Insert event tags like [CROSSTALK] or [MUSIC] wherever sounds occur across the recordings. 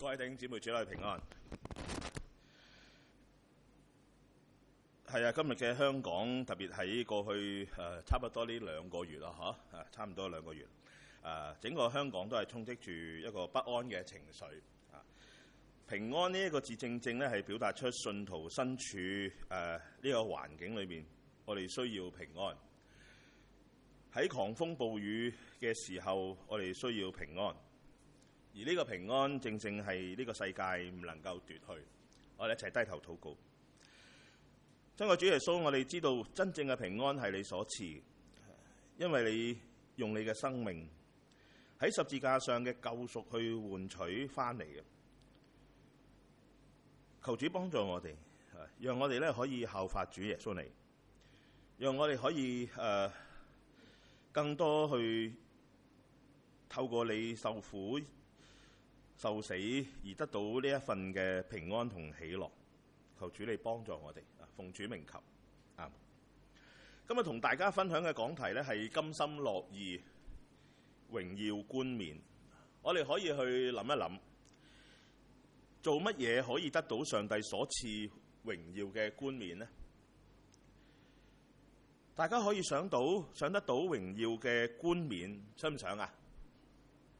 各位弟兄姊妹，主啊，平安。係啊，今日嘅香港，特別喺過去誒、呃，差不多呢兩個月咯，吓、啊，差唔多兩個月，啊，整個香港都係充斥住一個不安嘅情緒、啊。平安呢一個字，正正咧係表達出信徒身處誒呢、啊這個環境裏面。我哋需要平安。喺狂風暴雨嘅時候，我哋需要平安。而呢個平安正正係呢個世界唔能夠奪去，我哋一齊低頭禱告。親愛嘅主耶穌，我哋知道真正嘅平安係你所賜，因為你用你嘅生命喺十字架上嘅救贖去換取翻嚟嘅。求主幫助我哋，讓我哋咧可以效法主耶穌你，讓我哋可以誒、呃、更多去透過你受苦，受死而得到呢一份嘅平安同喜樂，求主你幫助我哋啊，奉主名求啊。今日同大家分享嘅講題呢，係甘心樂意榮耀冠冕。我哋可以去諗一諗，做乜嘢可以得到上帝所賜榮耀嘅冠冕呢？大家可以想到想得到榮耀嘅冠冕，想唔想啊？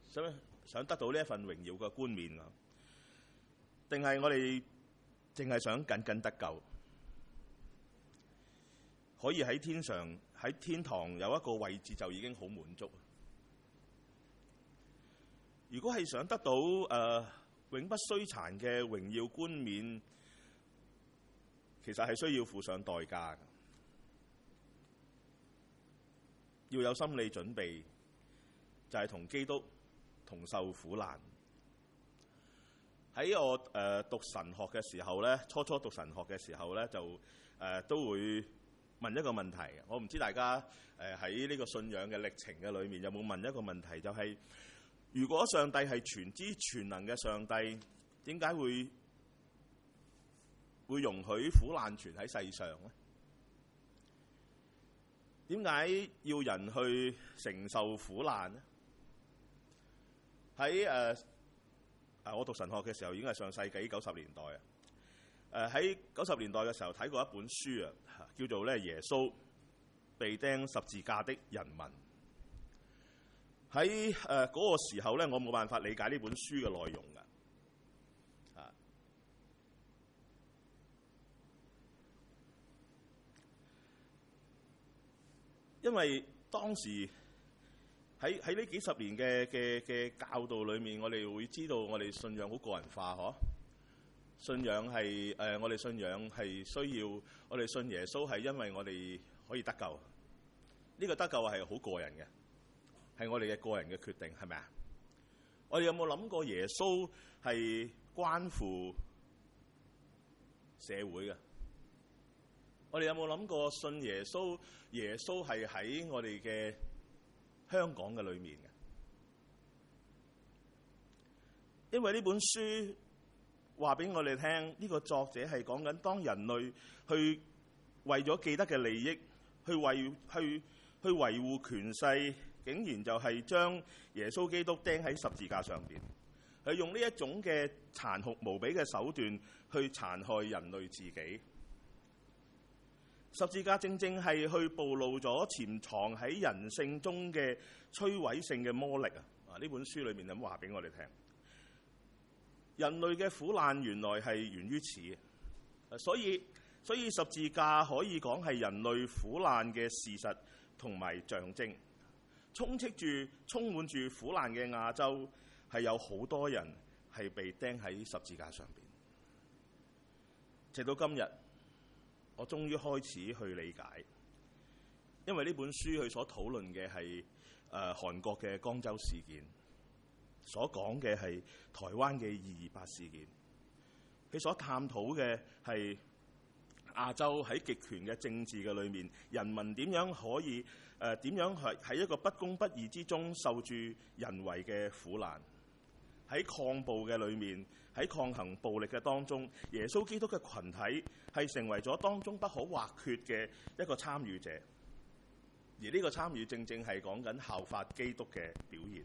想。想得到呢份榮耀嘅冠冕啊，定係我哋淨係想僅僅得救，可以喺天上喺天堂有一個位置就已經好滿足。如果係想得到誒、呃、永不衰殘嘅榮耀冠冕，其實係需要付上代價嘅，要有心理準備，就係、是、同基督。同受苦難。喺我誒、呃、讀神學嘅時候咧，初初讀神學嘅時候咧，就誒、呃、都會問一個問題。我唔知大家誒喺呢個信仰嘅歷程嘅裏面，有冇問一個問題？就係、是、如果上帝係全知全能嘅上帝，點解會會容許苦難存喺世上咧？點解要人去承受苦難咧？喺誒我讀神學嘅時候已經係上世紀九十年代啊！誒喺九十年代嘅時候睇過一本書啊，叫做咧耶穌被釘十字架的人民。喺誒嗰個時候咧，我冇辦法理解呢本書嘅內容嘅，啊，因為當時。喺喺呢幾十年嘅嘅嘅教導裏面，我哋會知道我哋信仰好個人化嗬，信仰係誒、呃，我哋信仰係需要我哋信耶穌係因為我哋可以得救。呢、呢個得救係好個人嘅，係我哋嘅個人嘅決定，係咪啊？我哋有冇諗過耶穌係關乎社會嘅？我哋有冇諗過信耶穌？耶穌係喺我哋嘅香港嘅裏面，因為呢本書話俾我哋聽，呢個作者係講緊當人類去為咗記得嘅利益，去維去去維護權勢，竟然就係將耶穌基督釘喺十字架上邊，係用呢一種嘅殘酷無比嘅手段去殘害人類自己。十字架正正係去暴露咗潛藏喺人性中嘅摧毀性嘅魔力啊！啊，呢本書裏面有冇話俾我哋聽？人類嘅苦難原來係源於此，所以所以十字架可以講係人類苦難嘅事實同埋象徵。充斥住充滿住苦難嘅亞洲，係有好多人係被釘喺十字架上邊，直到今日。我終於開始去理解，因為呢本書佢所討論嘅係誒韓國嘅江州事件，所講嘅係台灣嘅二二八事件，佢所探討嘅係亞洲喺極權嘅政治嘅裏面，人民點樣可以誒呃、點樣係喺一個不公不義之中受住人為嘅苦難。喺抗暴嘅裏面，喺抗衡暴力嘅當中，耶穌基督嘅群體係成為咗當中不可或缺嘅一個參與者。而呢個參與正正係講緊效法基督嘅表現。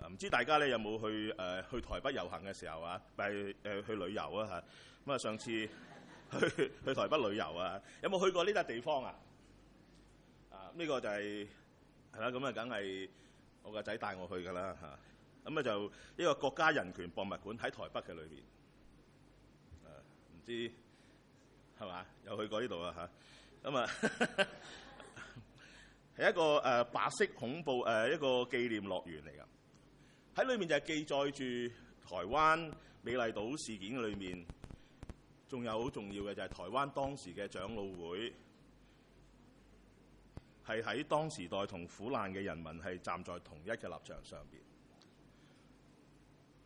唔、啊、知道大家咧有冇去誒、呃、去台北遊行嘅時候啊？誒誒、呃、去旅遊啊嚇。咁啊上次 [LAUGHS] 去去台北旅遊啊，有冇去過呢笪地方啊？啊呢、呢個就係係啦，咁啊梗係我個仔帶我去㗎啦嚇。啊咁啊，就呢個國家人權博物館喺台北嘅裏邊，誒、啊、唔知係、啊、嘛？有去過呢度啊吓，咁啊，係一個誒、呃、白色恐怖誒、呃、一個紀念樂園嚟噶。喺裏面就係記載住台灣美麗島事件裏面，仲有好重要嘅就係台灣當時嘅長老會，係喺當時代同苦難嘅人民係站在同一嘅立場上邊。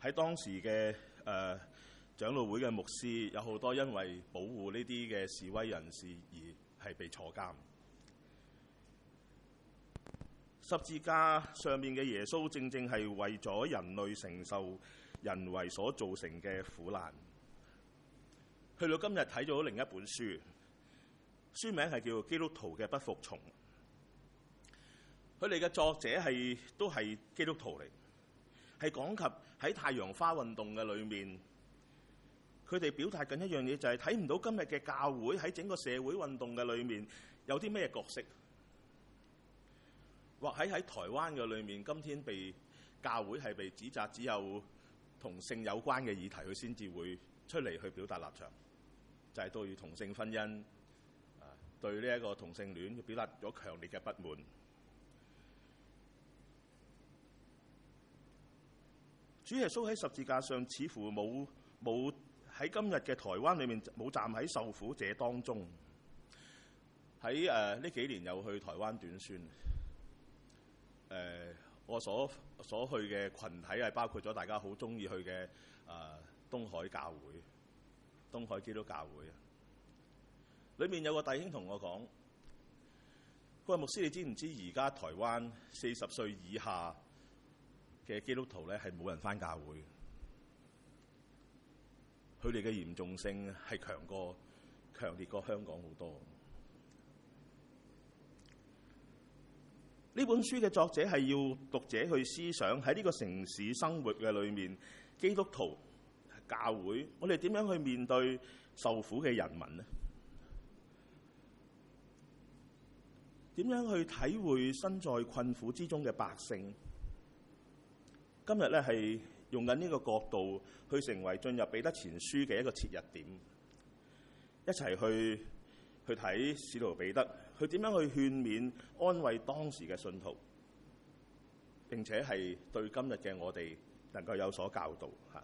喺當時嘅誒、呃、長老會嘅牧師，有好多因為保護呢啲嘅示威人士而係被坐監。十字架上面嘅耶穌，正正係為咗人類承受人為所造成嘅苦難。去到今日睇咗另一本書，書名係叫《基督徒嘅不服從》，佢哋嘅作者係都係基督徒嚟。係講及喺太陽花運動嘅裏面，佢哋表達緊一樣嘢，就係睇唔到今日嘅教會喺整個社會運動嘅裏面有啲咩角色，或喺喺台灣嘅裏面，今天被教會係被指責只有同性有關嘅議題，佢先至會出嚟去表達立場，就係、是、對同性婚姻啊，對呢一個同性戀表達咗強烈嘅不滿。主耶穌喺十字架上似乎冇冇喺今日嘅台灣裏面冇站喺受苦者當中。喺誒呢幾年又去台灣短宣，誒、呃、我所所去嘅群體係包括咗大家好鍾意去嘅誒、呃、東海教會、東海基督教會啊。裏面有個弟兄同我講，佢話，牧師你知唔知而家台灣四十歲以下？嘅基督徒咧，係冇人返教會的，佢哋嘅嚴重性係強過強烈過香港好多。呢本書嘅作者係要讀者去思想喺呢個城市生活嘅裏面，基督徒教會，我哋點樣去面對受苦嘅人民呢？點樣去體會身在困苦之中嘅百姓？今日咧係用緊呢個角度去成為進入彼得前書嘅一個切入點，一齊去去睇使徒彼得，佢點樣去勸勉安慰當時嘅信徒，並且係對今日嘅我哋能夠有所教導吓。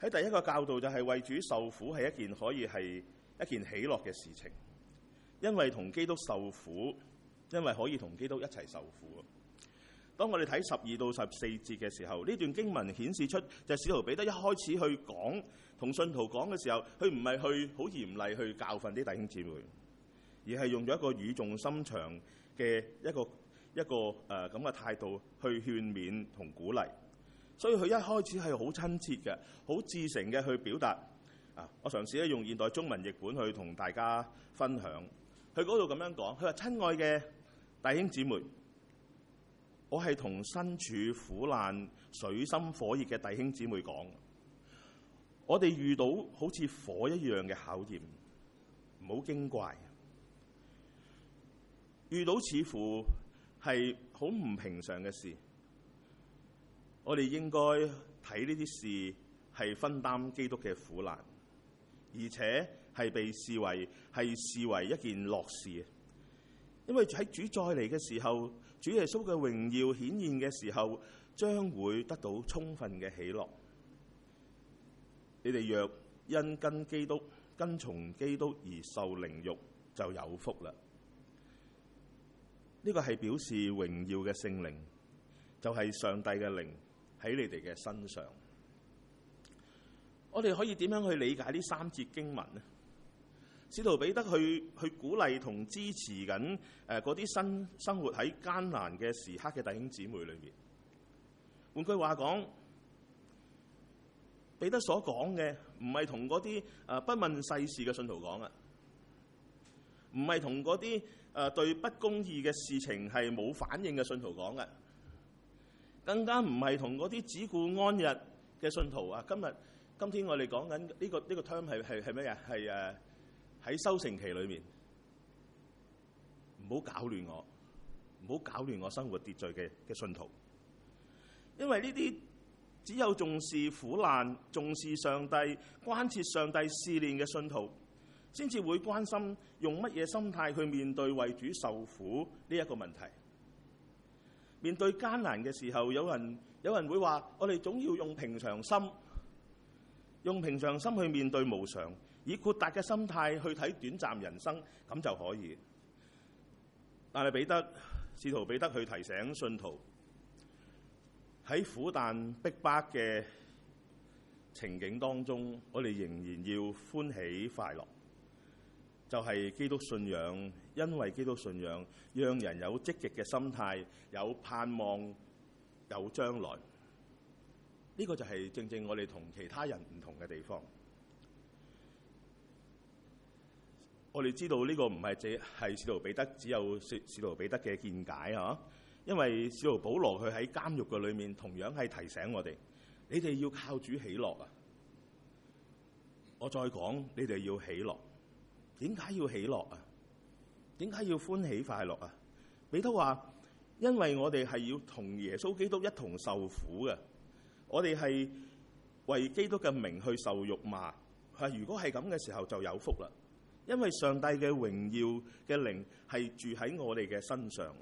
喺第一個教導就係、是、為主受苦係一件可以係一件喜樂嘅事情，因為同基督受苦。因為可以同基督一齊受苦啊！當我哋睇十二到十四節嘅時候，呢段經文顯示出就使徒彼得一開始去講同信徒講嘅時候，佢唔係去好嚴厲去教訓啲弟兄姊妹，而係用咗一個語重心長嘅一個一個誒咁嘅態度去勸勉同鼓勵。所以佢一開始係好親切嘅，好至誠嘅去表達。啊，我嘗試咧用現代中文譯本去同大家分享。佢嗰度咁樣講，佢話：親愛嘅。弟兄姊妹，我係同身處苦難、水深火熱嘅弟兄姊妹講，我哋遇到好似火一樣嘅考驗，唔好驚怪。遇到似乎係好唔平常嘅事，我哋應該睇呢啲事係分擔基督嘅苦難，而且係被視為係視為一件樂事。因為喺主再嚟嘅時候，主耶穌嘅榮耀顯現嘅時候，將會得到充分嘅喜樂。你哋若因跟基督，跟從基督而受凌辱，就有福了。呢個係表示榮耀嘅聖靈，就係上帝嘅靈喺你哋嘅身上。我哋可以點樣去理解呢三節經文呢？使徒彼得去去鼓勵同支持緊誒嗰啲新生活喺艱難嘅時刻嘅弟兄姊妹裏面。換句話講，彼得所講嘅唔係同嗰啲誒不問世事嘅信徒講啊，唔係同嗰啲誒對不公義嘅事情係冇反應嘅信徒講嘅，更加唔係同嗰啲只顧安逸嘅信徒啊。今日今天我哋講緊呢個呢個 term 係係係咩啊？係誒。喺修成期裏面，唔好搞亂我，唔好搞亂我生活秩序嘅嘅信徒。因為呢啲只有重視苦難、重視上帝、關切上帝試煉嘅信徒，先至會關心用乜嘢心態去面對為主受苦呢一個問題。面對艱難嘅時候，有人有人會話：我哋總要用平常心，用平常心去面對無常。以豁達嘅心態去睇短暫人生，咁就可以。但係彼得試圖彼得去提醒信徒，喺苦難逼迫嘅情景當中，我哋仍然要歡喜快樂。就係、是、基督信仰，因為基督信仰讓人有積極嘅心態，有盼望，有將來。呢、這個就係正正我哋同其他人唔同嘅地方。我哋知道呢個唔係只係使徒彼得，只有使使徒彼得嘅見解嗬、啊。因為使徒保羅佢喺監獄嘅裏面，同樣係提醒我哋：你哋要靠主喜樂啊！我再講，你哋要喜樂。點解要喜樂啊？點解要歡喜快樂啊？彼得話：因為我哋係要同耶穌基督一同受苦嘅，我哋係為基督嘅名去受辱罵。吓，如果係咁嘅時候，就有福啦。因為上帝嘅榮耀嘅靈係住喺我哋嘅身上，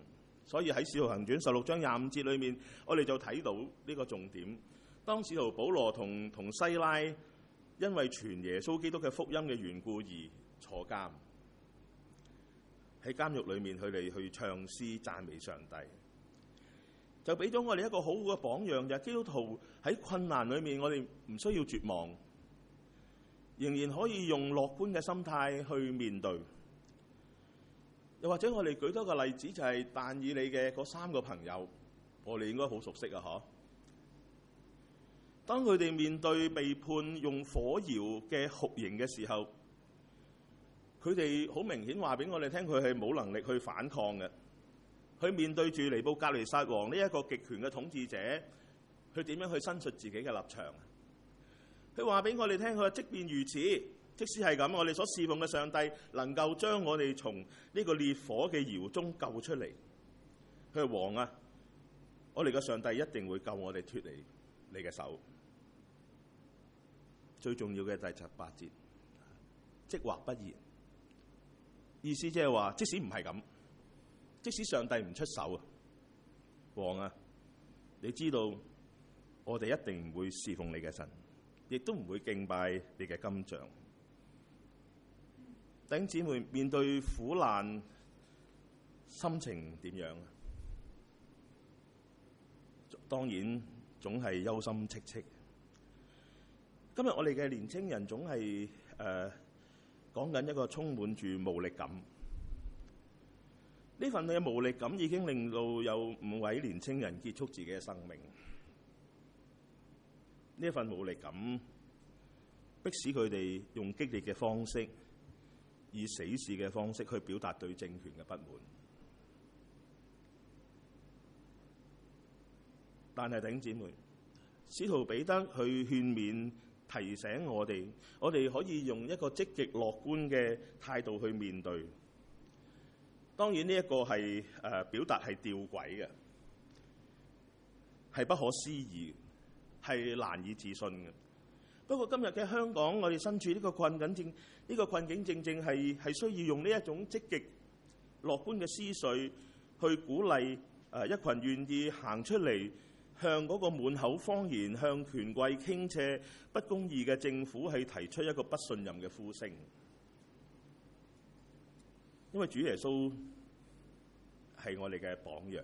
所以喺《使徒行傳》十六章廿五節裏面，我哋就睇到呢個重點。當使徒保羅同同西拉因為傳耶穌基督嘅福音嘅緣故而坐監，喺監獄裏面佢哋去唱詩讚美上帝，就俾咗我哋一個好好嘅榜樣，就係基督徒喺困難裏面，我哋唔需要絕望。仍然可以用樂觀嘅心態去面對。又或者我哋舉多個例子，就係但以理嘅嗰三個朋友，我哋應該好熟悉啊！嗬。當佢哋面對被判用火窯嘅酷刑嘅時候，佢哋好明顯話俾我哋聽，佢係冇能力去反抗嘅。佢面對住尼布甲尼撒王呢一個極權嘅統治者，佢點樣去申述自己嘅立場？佢話俾我哋聽，佢話即便如此，即使係咁，我哋所侍奉嘅上帝能夠將我哋從呢個烈火嘅窯中救出嚟。佢話：王啊，我哋嘅上帝一定會救我哋脫離你嘅手。最重要嘅第七八節，即或不然，意思即係話，即使唔係咁，即使上帝唔出手啊，王啊，你知道我哋一定唔會侍奉你嘅神。亦都唔會敬拜你嘅金像。弟兄姊妹面對苦難，心情點樣啊？當然總係憂心戚戚。今日我哋嘅年輕人總係誒講緊一個充滿住無力感。呢份嘅無力感已經令到有五位年輕人結束自己嘅生命。呢一份無力感，迫使佢哋用激烈嘅方式，以死士嘅方式去表達對政權嘅不滿。但係，弟兄姊妹，使徒彼得去勸勉、提醒我哋,我哋可以用一個積極樂觀嘅態度去面對。當然這，呢一個係誒表達係吊詭嘅，係不可思議。係難以置信嘅。不過今日嘅香港，我哋身處呢個困境，正、這、呢個困境正正係係需要用呢一種積極樂觀嘅思緒去鼓勵誒一群願意行出嚟向嗰個滿口謊言、向權貴傾斜、不公義嘅政府，去提出一個不信任嘅呼聲。因為主耶穌係我哋嘅榜樣。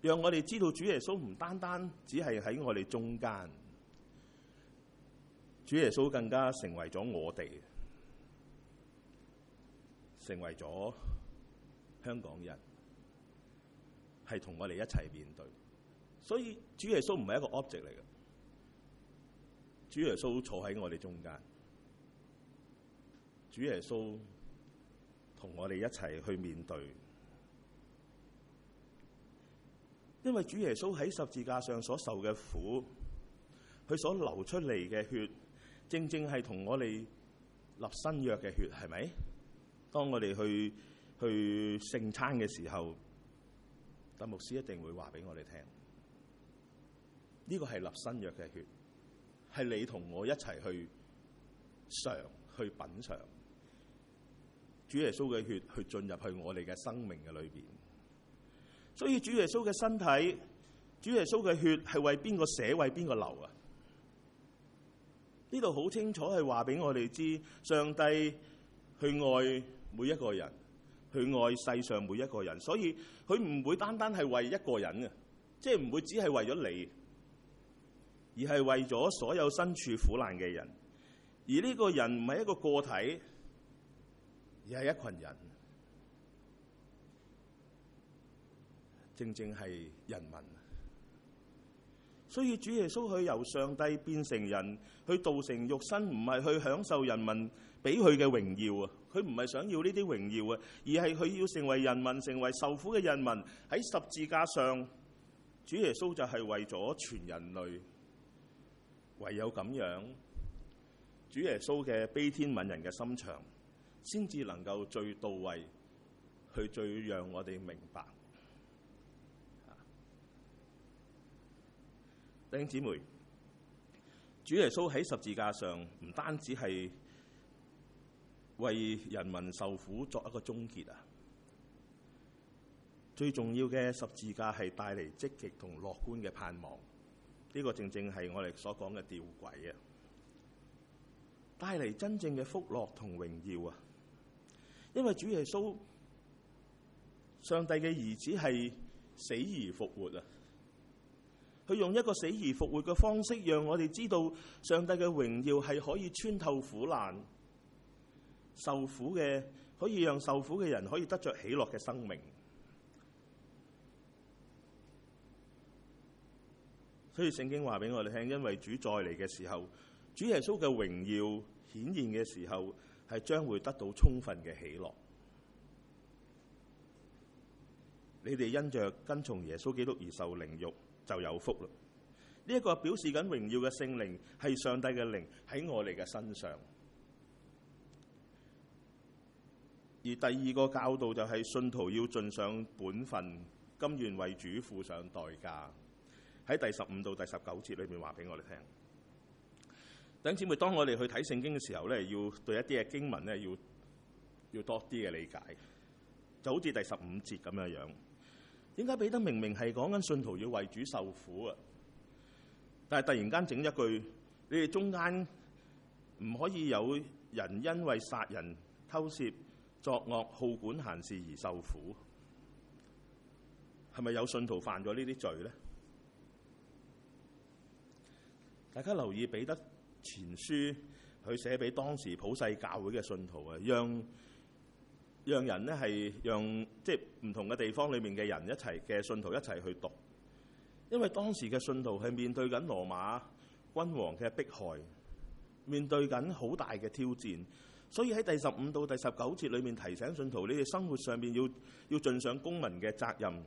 讓我哋知道主耶穌唔單單只係喺我哋中間，主耶穌更加成為咗我哋，成為咗香港人，係同我哋一齊面對。所以主耶穌唔係一個 object 嚟嘅，主耶穌坐喺我哋中間，主耶穌同我哋一齊去面對。因為主耶穌喺十字架上所受嘅苦，佢所流出嚟嘅血，正正係同我哋立新約嘅血，係咪？當我哋去去聖餐嘅時候，咁牧師一定會話俾我哋聽，呢個係立新約嘅血，係你同我一齊去嘗，去品嘗主耶穌嘅血，去進入去我哋嘅生命嘅裏邊。所以主耶穌嘅身體、主耶穌嘅血係為邊個捨、為邊個流啊？呢度好清楚係話俾我哋知，上帝去愛每一個人，去愛世上每一個人。所以佢唔會單單係為一個人啊，即係唔會只係為咗你，而係為咗所有身處苦難嘅人。而呢個人唔係一個個體，而係一群人。正正係人民，所以主耶穌佢由上帝變成人，去道成肉身，唔係去享受人民俾佢嘅榮耀啊！佢唔係想要呢啲榮耀啊，而係佢要成為人民，成為受苦嘅人民喺十字架上，主耶穌就係為咗全人類，唯有咁樣，主耶穌嘅悲天憫人嘅心腸，先至能夠最到位，佢最讓我哋明白。弟兄姊妹，主耶穌喺十字架上唔單止係為人民受苦作一個終結啊！最重要嘅，十字架係帶嚟積極同樂觀嘅盼望，呢個正正係我哋所講嘅吊詭啊！帶嚟真正嘅福樂同榮耀啊！因為主耶穌，上帝嘅兒子係死而復活啊！佢用一個死而復活嘅方式，讓我哋知道上帝嘅榮耀係可以穿透苦難、受苦嘅，可以讓受苦嘅人可以得着喜樂嘅生命。所以聖經話俾我哋聽，因為主再嚟嘅時候，主耶穌嘅榮耀顯現嘅時候，係將會得到充分嘅喜樂。你哋因着跟從耶穌基督而受凌辱。就有福咯！呢、這、一個表示緊榮耀嘅聖靈係上帝嘅靈喺我哋嘅身上。而第二個教導就係信徒要盡上本分，甘願為主付上代價。喺第十五到第十九節裏面話俾我哋聽。弟兄姊妹，當我哋去睇聖經嘅時候咧，要對一啲嘅經文咧要要多啲嘅理解，就好似第十五節咁樣樣。點解彼得明明係講緊信徒要為主受苦啊？但係突然間整一句，你哋中間唔可以有人因為殺人、偷竊、作惡、好管閒事而受苦，係咪有信徒犯咗呢啲罪咧？大家留意彼得前書佢寫俾當時普世教會嘅信徒啊，讓讓人呢係，讓，即係唔同嘅地方裏面嘅人一齊嘅信徒一齊去讀，因為當時嘅信徒係面對緊羅馬君王嘅迫害，面對緊好大嘅挑戰，所以喺第十五到第十九節裏面提醒信徒：你哋生活上面要，要盡上公民嘅責任，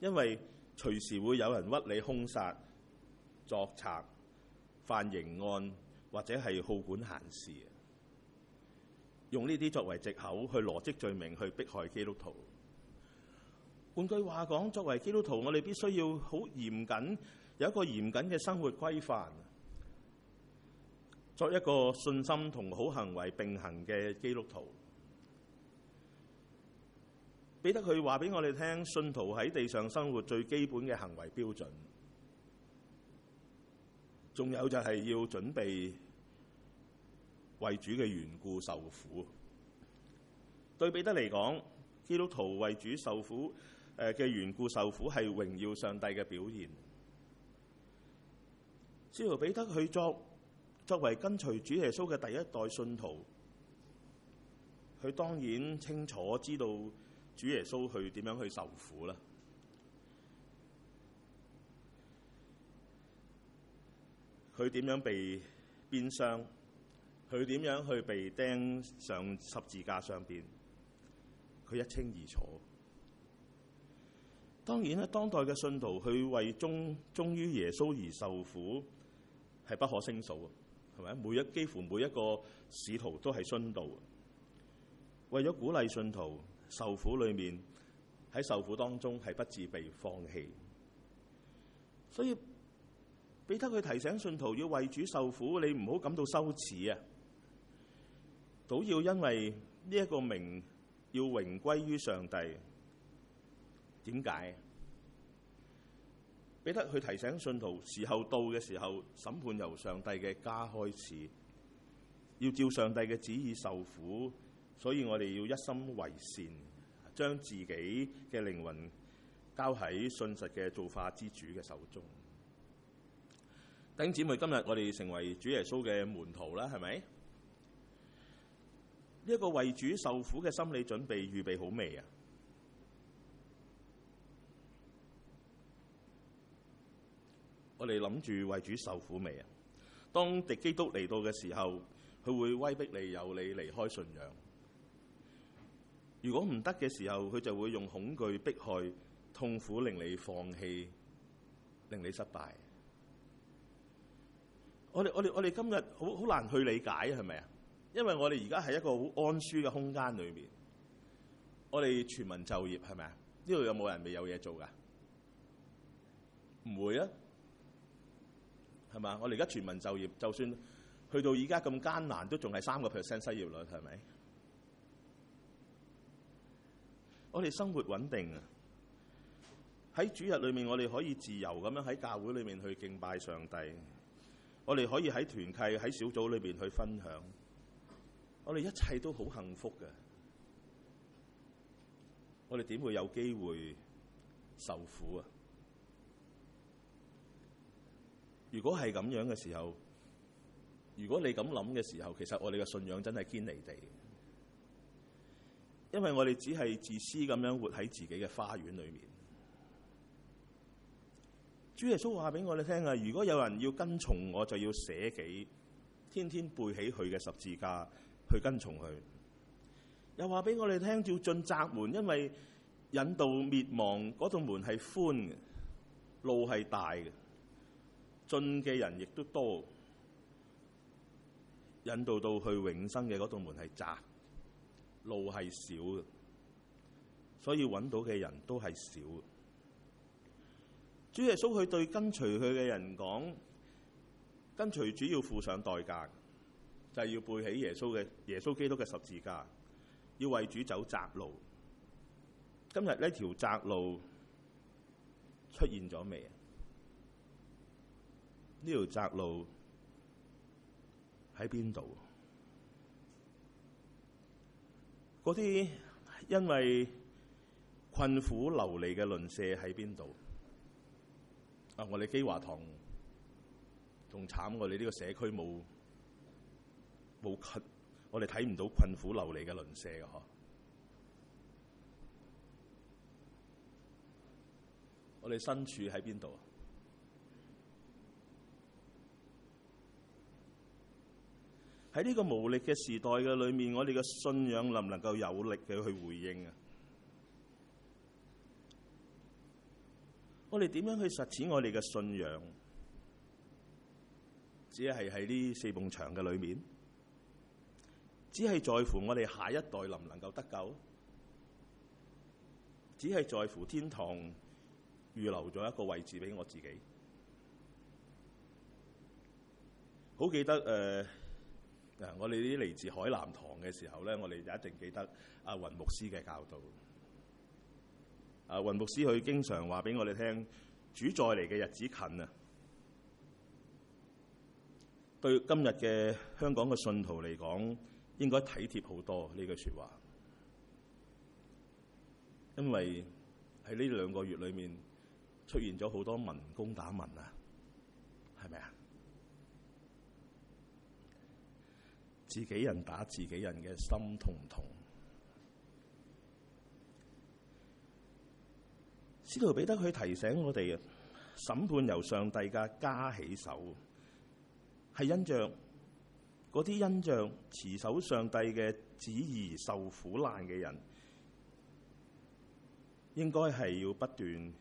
因為隨時會有人屈你、兇殺、作賊、犯刑案或者係好管閒事。用呢啲作為藉口去羅織罪名，去迫害基督徒。換句話講，作為基督徒，我哋必須要好嚴謹，有一個嚴謹嘅生活規範，作一個信心同好行為並行嘅基督徒，彼得佢話俾我哋聽，信徒喺地上生活最基本嘅行為標準。仲有就係要準備，為主嘅緣故受苦。對彼得嚟講，基督徒為主受苦誒嘅緣故受苦係榮耀上帝嘅表現。使徒彼得去作作為跟隨主耶穌嘅第一代信徒，佢當然清楚知道主耶穌去點樣去受苦啦，佢點樣被鞭傷，佢點樣去被釘上十字架上邊？佢一清二楚。當然咧，當代嘅信徒去為忠忠於耶穌而受苦，係不可勝數啊！係咪每一幾乎每一個使徒都係殉道。為咗鼓勵信徒受苦裡，裏面喺受苦當中係不自被放棄。所以彼得佢提醒信徒要為主受苦，你唔好感到羞恥啊！都要因為呢一個名要榮歸於上帝，點解？彼得去提醒信徒，時候到嘅時候，審判由上帝嘅家開始，要照上帝嘅旨意受苦，所以我哋要一心為善，將自己嘅靈魂交喺信實嘅造化之主嘅手中。弟兄姊妹，今日我哋成為主耶穌嘅門徒啦，係咪？呢一個為主受苦嘅心理準備預備好未啊？我哋諗住為主受苦未啊？當敵基督嚟到嘅時候，佢會威逼你，由你離開信仰。如果唔得嘅時候，佢就會用恐懼逼害，痛苦令你放棄，令你失敗。我哋我哋我哋今日好好難去理解，係咪啊？因為我哋而家係一個好安舒嘅空間裏面，我哋全民就業係咪啊？呢度有冇人未有嘢做㗎？唔會啊，係嘛？我哋而家全民就業，就算去到而家咁艱難，都仲係三個 percent 失業率，係咪？我哋生活穩定啊！喺主日裏面，我哋可以自由咁樣喺教會裏面去敬拜上帝。我哋可以喺團契、喺小組裏邊去分享。我哋一切都好幸福嘅，我哋點會有機會受苦啊？如果係咁樣嘅時候，如果你咁諗嘅時候，其實我哋嘅信仰真係堅尼地，因為我哋只係自私咁樣活喺自己嘅花園裏面。主耶穌話俾我哋聽啊，如果有人要跟從我，就要捨己，天天背起佢嘅十字架。去跟從佢，又話俾我哋聽要進窄門，因為引導滅亡嗰道門係寬嘅，路係大嘅，進嘅人亦都多；引導到去永生嘅嗰道門係窄，路係少嘅，所以揾到嘅人都係少。主耶穌佢對跟隨佢嘅人講，跟隨主要付上代價。就係、是、要背起耶穌嘅耶穌基督嘅十字架，要為主走窄路。今日呢條窄路出現咗未啊？呢條窄路喺邊度？嗰啲因為困苦流離嘅鄰舍喺邊度？啊，我哋基華堂仲慘過你呢個社區冇。冇困，我哋睇唔到困苦流離嘅鄰舍嘅嗬。我哋身處喺邊度？喺呢個無力嘅時代嘅裏面，我哋嘅信仰能唔能夠有力嘅去回應啊？我哋點樣去實踐我哋嘅信仰？只係喺呢四埲牆嘅裏面？只係在乎我哋下一代能唔能夠得救，只係在乎天堂預留咗一個位置俾我自己。好記得誒，嗱、呃，我哋啲嚟自海南堂嘅時候咧，我哋就一定記得阿雲牧師嘅教導。阿雲牧師佢經常話俾我哋聽，主再嚟嘅日子近啊！對今日嘅香港嘅信徒嚟講，應該體貼好多呢句說話，因為喺呢兩個月裏面出現咗好多民攻打民啊，係咪啊？自己人打自己人嘅心痛唔痛？使徒彼得佢提醒我哋啊，審判由上帝嘅家起手，係因着。嗰啲印象持守上帝嘅旨意受苦難嘅人，應該，係要不斷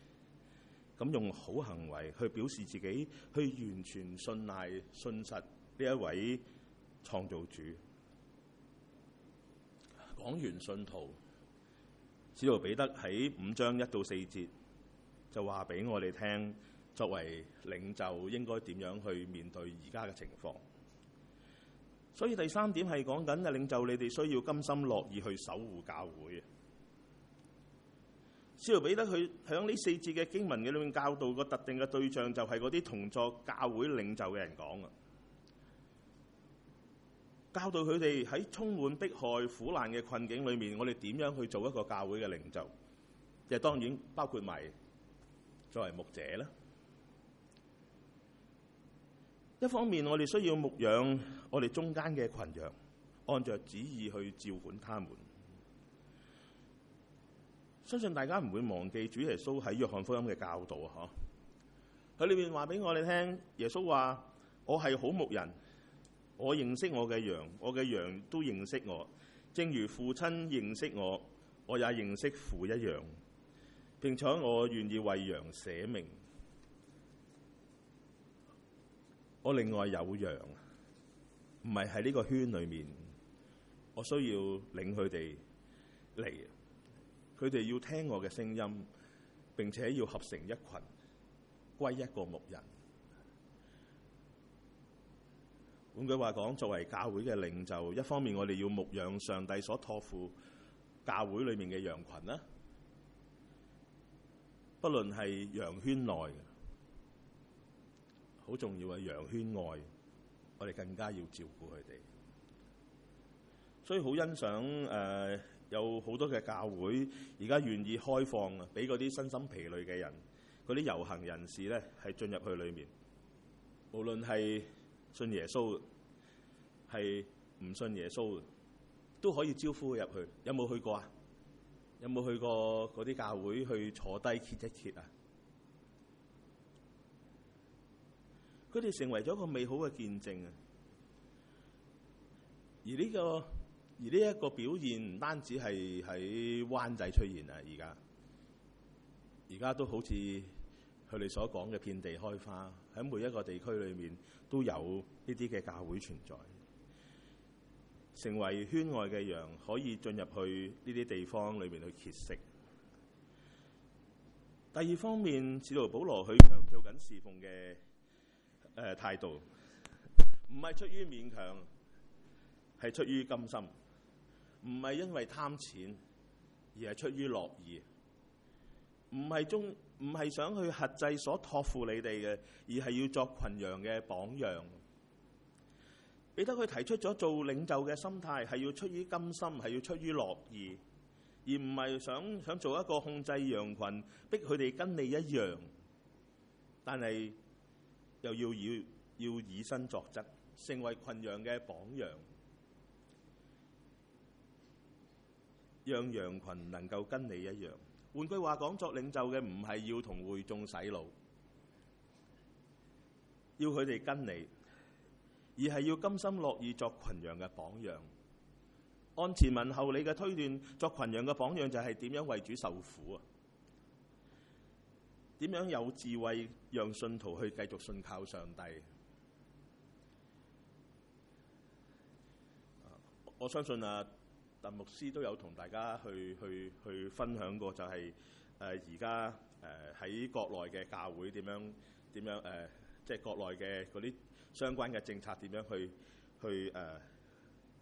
咁用好行為去表示自己，去完全信賴信實呢一位創造主。講完信徒，使徒彼得喺五章一到四節就話俾我哋聽，作為領袖應該點樣去面對而家嘅情況。所以第三點係講緊啊，領袖你哋需要甘心樂意去守護教會。使徒彼得佢響呢四節嘅經文嘅裏面教導個特定嘅對象就係嗰啲同作教會領袖嘅人講啊，教導佢哋喺充滿迫害、苦難嘅困境裏面，我哋點樣去做一個教會嘅領袖？即係當然包括埋作為牧者咧。一方面，我哋需要牧養我哋中間嘅群羊，按着旨意去照管他們。相信大家唔會忘記主耶穌喺約翰福音嘅教導啊！佢里邊話俾我哋聽，耶穌話：我係好牧人，我認識我嘅羊，我嘅羊都認識我，正如父親認識我，我也認識父一樣，並且我願意為羊捨命。我另外有羊，唔係喺呢個圈裏面，我需要領佢哋嚟，佢哋要聽我嘅聲音，並且要合成一群，歸一個牧人。換句話講，作為教會嘅領袖，一方面我哋要牧養上帝所託付教會裏面嘅羊群啦，不論係羊圈內。好重要嘅羊圈外，我哋更加要照顧佢哋。所以好欣賞誒、呃，有好多嘅教會而家願意開放啊，俾嗰啲身心疲累嘅人，嗰啲遊行人士咧，係進入去裏面。無論係信耶穌，係唔信耶穌，都可以招呼入去。有冇去過啊？有冇去過嗰啲教會去坐低揭一揭啊？佢哋成為咗一個美好嘅見證啊！而呢、這個而呢一個表現唔單止係喺灣仔出現啊，而家而家都好似佢哋所講嘅遍地開花，喺每一個地區裏面都有呢啲嘅教會存在，成為圈外嘅羊可以進入去呢啲地方裏面去揭食。第二方面，使徒保羅佢強調緊侍奉嘅。誒、呃、態度唔係出於勉強，係出於甘心，唔係因為貪錢，而係出於樂意。唔係中唔係想去轄制所託付你哋嘅，而係要作群羊嘅榜樣，彼得提出咗做領袖嘅心態，係要出於甘心，係要出於樂意，而唔係想想做一個控制羊群，逼佢哋跟你一樣，但係。又要以要以身作則，成為群羊嘅榜樣，讓羊群能夠跟你一樣。換句話講，作領袖嘅唔係要同會眾洗腦，要佢哋跟你，而係要甘心樂意作群羊嘅榜樣。按前文後理嘅推斷，作群羊嘅榜樣就係點樣為主受苦啊！點樣有智慧讓信徒去繼續信靠上帝？我相信啊，鄧牧師都有同大家去去去分享過、就係，就係誒而家誒喺國內嘅教會點樣點樣誒、呃，即係國內嘅嗰啲相關嘅政策點樣去去誒、呃、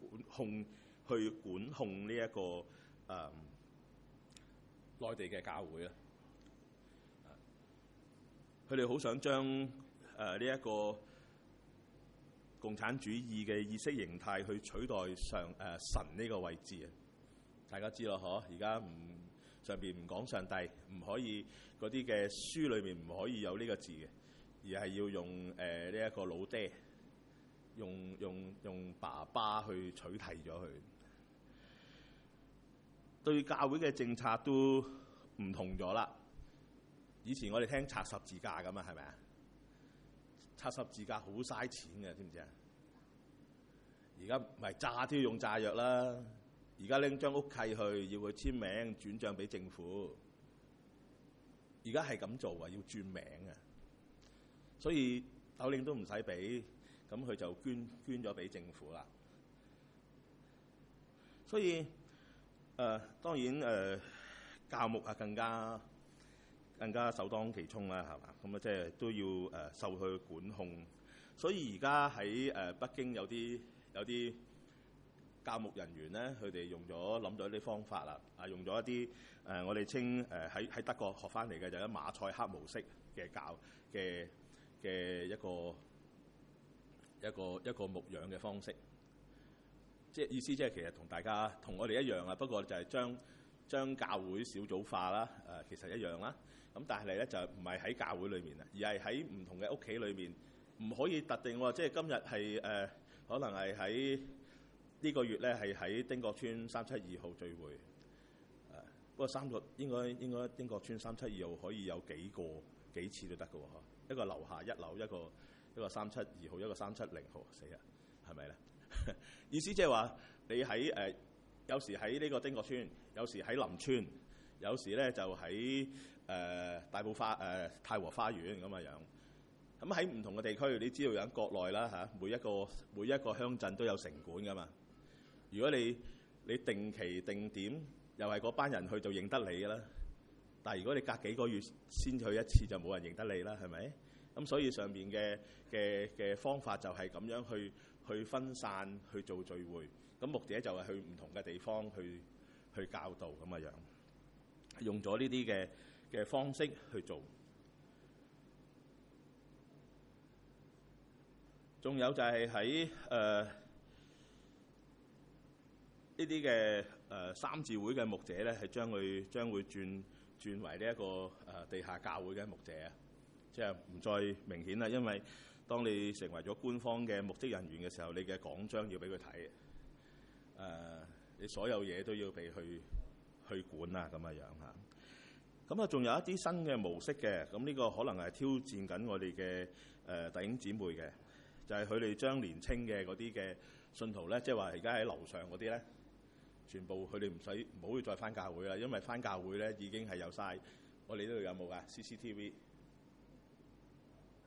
管控去管控呢、呢、一個誒內、呃、地嘅教會啊？佢哋好想將誒呢一個共產主義嘅意識形態去取代上誒、呃、神呢個位置啊！大家知道，嗬？而家唔上邊唔講上帝，唔可以嗰啲嘅書裏面唔可以有呢個字嘅，而係要用誒呢一個老爹，用用用爸爸去取替咗佢。對教會嘅政策都唔同咗啦。以前我哋聽拆十字架咁啊，係咪啊？拆十字架好嘥錢嘅，知唔知啊？而家唔係炸都要用炸藥啦，而家拎張屋契去要佢簽名轉帳俾政府，而家係咁做啊，要轉名啊，所以斗零都唔使俾，咁佢就捐捐咗俾政府啦。所以誒、呃，當然誒、呃，教牧啊，更加。更加首當其衝啦，係嘛？咁啊，即係都要誒、呃、受佢管控。所以而家喺誒北京有啲有啲教牧人員咧，佢哋用咗諗咗啲方法啦，啊用咗一啲誒、呃、我哋稱誒喺喺德國學翻嚟嘅，就一、係、馬賽克模式嘅教嘅嘅一個一個一個牧養嘅方式。即係意思即係其實同大家同我哋一樣啊，不過就係將將教會小組化啦，誒、呃、其實一樣啦。咁但係咧就唔係喺教會裏面啦，而係喺唔同嘅屋企裏面，唔可以特定喎。即、就、係、是、今日係誒，可能係喺呢個月咧係喺丁角村三七二號聚會。誒、呃，不過三個應該應該丁角村三七二號可以有幾個幾次都得嘅喎。一個樓下一樓，一個一個三七二號，一個三七零號。死啦，係咪咧？ [LAUGHS] 意思即係話你喺誒、呃，有時喺呢個丁角村，有時喺林村，有時咧就喺。誒、呃、大埔花誒、呃、太和花園咁嘅樣，咁喺唔同嘅地區，你知道有喺國內啦嚇，每一個每一個鄉鎮都有城管噶嘛。如果你你定期定點，又係嗰班人去就認得你㗎啦。但係如果你隔幾個月先去一次，就冇人認得你啦，係咪？咁所以上邊嘅嘅嘅方法就係咁樣去去分散去做聚會，咁目的就係去唔同嘅地方去去教導咁嘅樣，用咗呢啲嘅。嗯嘅方式去做，仲有就係喺誒呢啲嘅誒三自會嘅牧者咧，係將佢將會轉轉為呢一個誒、呃、地下教會嘅牧者啊，即係唔再明顯啦。因為當你成為咗官方嘅目職人員嘅時候，你嘅講章要俾佢睇，誒、呃，你所有嘢都要俾佢去，去管啊咁樣樣吓。咁啊，仲有一啲新嘅模式嘅。咁呢個可能係挑戰緊我哋嘅誒弟兄姊妹嘅，就係佢哋將年青嘅嗰啲嘅信徒咧，即係話而家喺樓上嗰啲咧，全部佢哋唔使唔好再翻教會啦，因為翻教會咧已經係有晒我哋呢度有冇啊 CCTV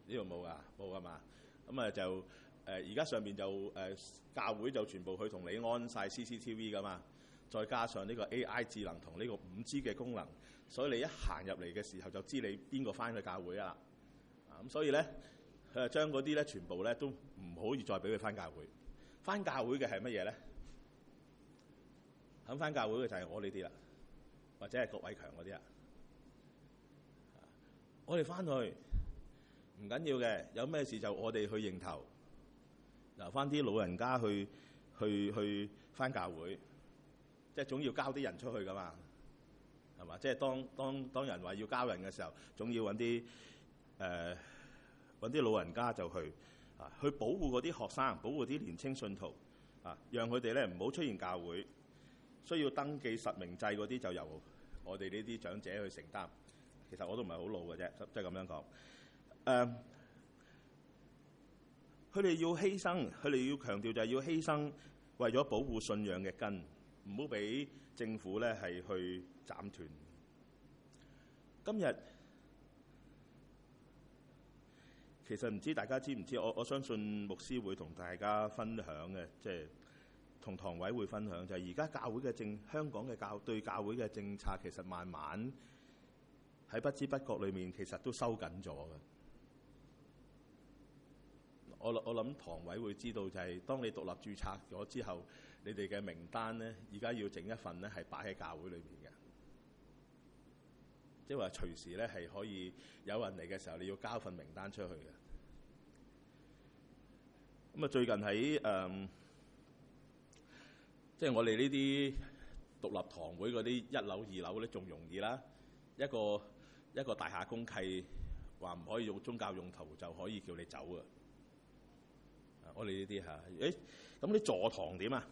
呢度冇啊冇啊嘛，咁啊就誒而家上面就誒、呃、教會就全部去同你安晒 CCTV 噶嘛，再加上呢個 AI 智能同呢個五 G 嘅功能。所以你一行入嚟嘅時候就知你邊個翻去教會啊？啊咁所以咧，佢就將嗰啲咧全部咧都唔可以再俾佢翻教會。翻教會嘅係乜嘢咧？肯翻教會嘅就係我呢啲啦，或者係郭偉強嗰啲啊。我哋翻去唔緊要嘅，有咩事就我哋去認頭，留翻啲老人家去去去翻教會，即係總要交啲人出去噶嘛。係嘛？即係當當當人話要交人嘅時候，總要揾啲誒揾啲老人家就去啊，去保護嗰啲學生，保護啲年輕信徒啊，讓佢哋咧唔好出現教會。需要登記實名制嗰啲，就由我哋呢啲長者去承擔。其實我都唔係好老嘅啫，即係咁樣講。誒、啊，佢哋要犧牲，佢哋要強調就係要犧牲，為咗保護信仰嘅根，唔好俾。政府咧係去斬斷。今日其實唔知大家知唔知，我我相信牧師會同大家分享嘅，即係同堂委會分享，就係而家教會嘅政，香港嘅教對教會嘅政策，其實慢慢喺不知不覺裏面，其實都收緊咗嘅。我我諗堂委會知道、就係，就係當你獨立註冊咗之後。你哋嘅名單咧，而家要整一份咧，係擺喺教會裏面嘅，即係話隨時咧係可以有人嚟嘅時候，你要交份名單出去嘅。咁啊，最近喺誒，即係我哋呢啲獨立堂會嗰啲一樓、二樓咧，仲容易啦。一個一個大廈公契，話唔可以用宗教用途，就可以叫你走啊！我哋呢啲嚇，誒咁你座堂點啊？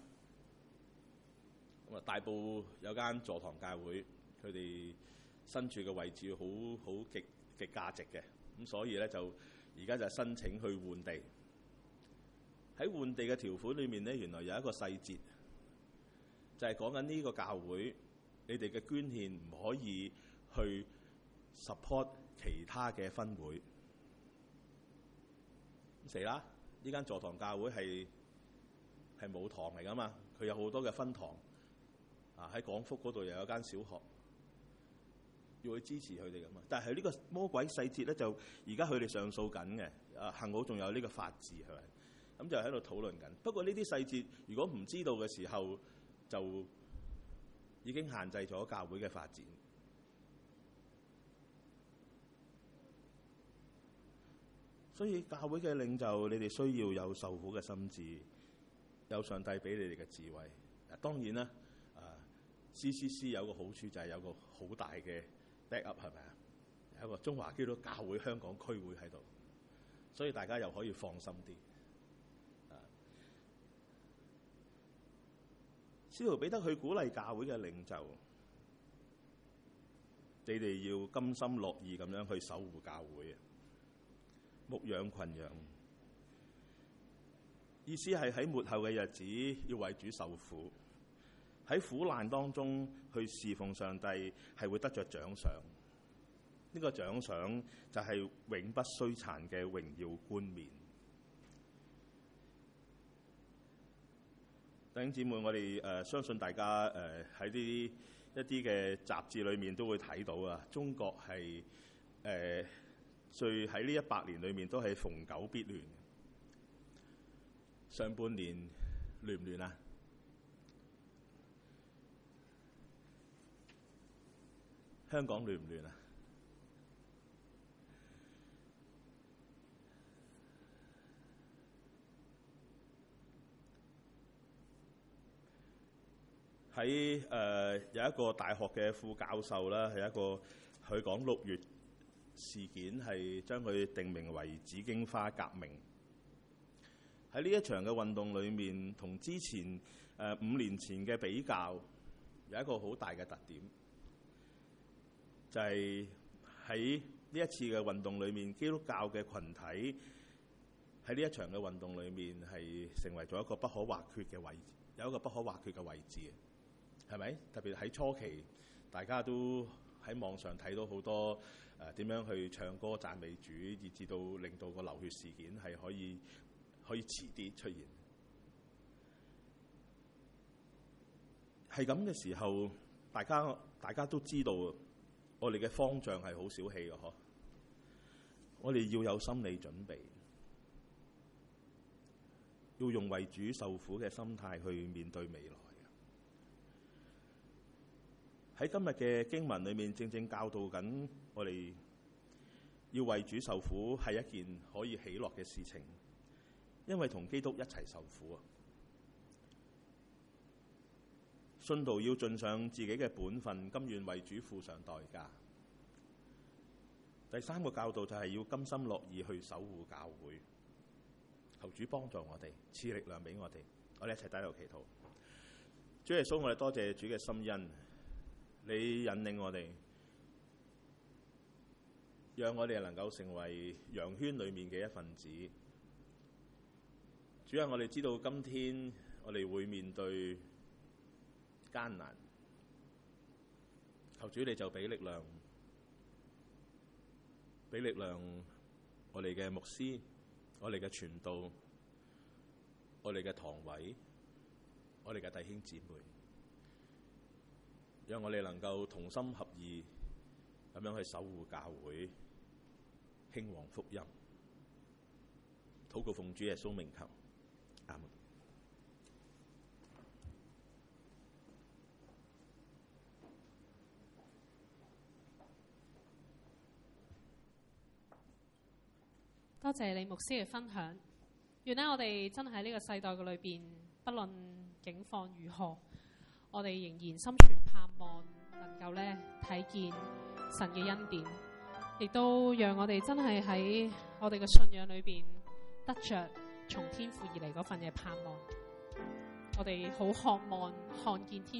大埔有間座堂教會，佢哋身處嘅位置好好極極價值嘅，咁所以咧就而家就申請去換地。喺換地嘅條款裏面咧，原來有一個細節，就係講緊呢個教會，你哋嘅捐獻唔可以去 support 其他嘅分會。咁死啦！呢間座堂教會係係母堂嚟㗎嘛，佢有好多嘅分堂。喺港福嗰度又有一間小學，要去支持佢哋㗎嘛。但係呢個魔鬼細節咧，就而家佢哋上訴緊嘅。啊，幸好仲有呢個法治，係咪咁就喺度討論緊。不過呢啲細節，如果唔知道嘅時候，就已經限制咗教會嘅發展。所以教會嘅領袖，你哋需要有受苦嘅心智，有上帝俾你哋嘅智慧。當然啦。C.C.C. 有個好處就係、是、有個好大嘅 back up 係咪啊？有個中華基督教會香港區會喺度，所以大家又可以放心啲。使徒彼得去鼓勵教會嘅領袖，你哋要甘心樂意咁樣去守護教會，牧養群羊、羊。意思係喺末後嘅日子要為主受苦。喺苦難當中去侍奉上帝，係會得着獎賞。呢、這個獎賞就係永不衰殘嘅榮耀冠冕。弟兄姊妹，我哋誒、呃，相信大家誒，喺啲一啲嘅雜誌裏面都會睇到啊。中國係誒最喺呢一百年裏面都係逢九必亂。上半年亂唔亂啊？香港亂唔亂啊？喺誒、呃、有一個大學嘅副教授啦，係一個佢講六月事件係將佢定名為紫荊花革命。喺呢一場嘅運動裡面，同之前誒、呃、五年前嘅比較，有一個好大嘅特點。就係喺呢一次嘅運動裏面，基督教嘅群體喺呢一場嘅運動裏面係成為咗一個不可或缺嘅位置，有一個不可或缺嘅位置嘅，係咪？特別喺初期，大家都喺網上睇到好多誒點樣去唱歌讚美主，以至到令到個流血事件係可以可以遲啲出現的。係咁嘅時候，大家大家都知道。我哋嘅方向係好小氣嘅，嗬！我哋要有心理準備，要用為主受苦嘅心態去面對未來。喺今日嘅經文裏面，正正教導緊我哋要為主受苦係一件可以喜樂嘅事情，因為同基督一齊受苦啊！信度要盡上自己嘅本分，甘願為主付上代價。第三個教導就係要甘心樂意去守護教會。求主幫助我哋，賜力量俾我哋。我哋一齊低頭祈禱。主耶穌，我哋多謝主嘅心恩，你引領我哋，讓我哋能夠成為羊圈裏面嘅一份子。主啊，我哋知道今天我哋會面對。艱難，求主你就俾力量，俾力量我哋嘅牧師，我哋嘅傳道，我哋嘅堂委，我哋嘅弟兄姊妹，讓我哋能夠同心合意咁樣去守護教會興旺福音。禱告奉主耶穌名求，多謝李牧師嘅分享。原來我哋真係呢個世代嘅裏邊，不論境況如何，我哋仍然心存盼，盼望，能夠咧睇見神嘅恩典，亦都讓我哋真係喺我哋嘅信仰裏邊得着從天父而嚟份嘅盼望。我哋好渴望看見天。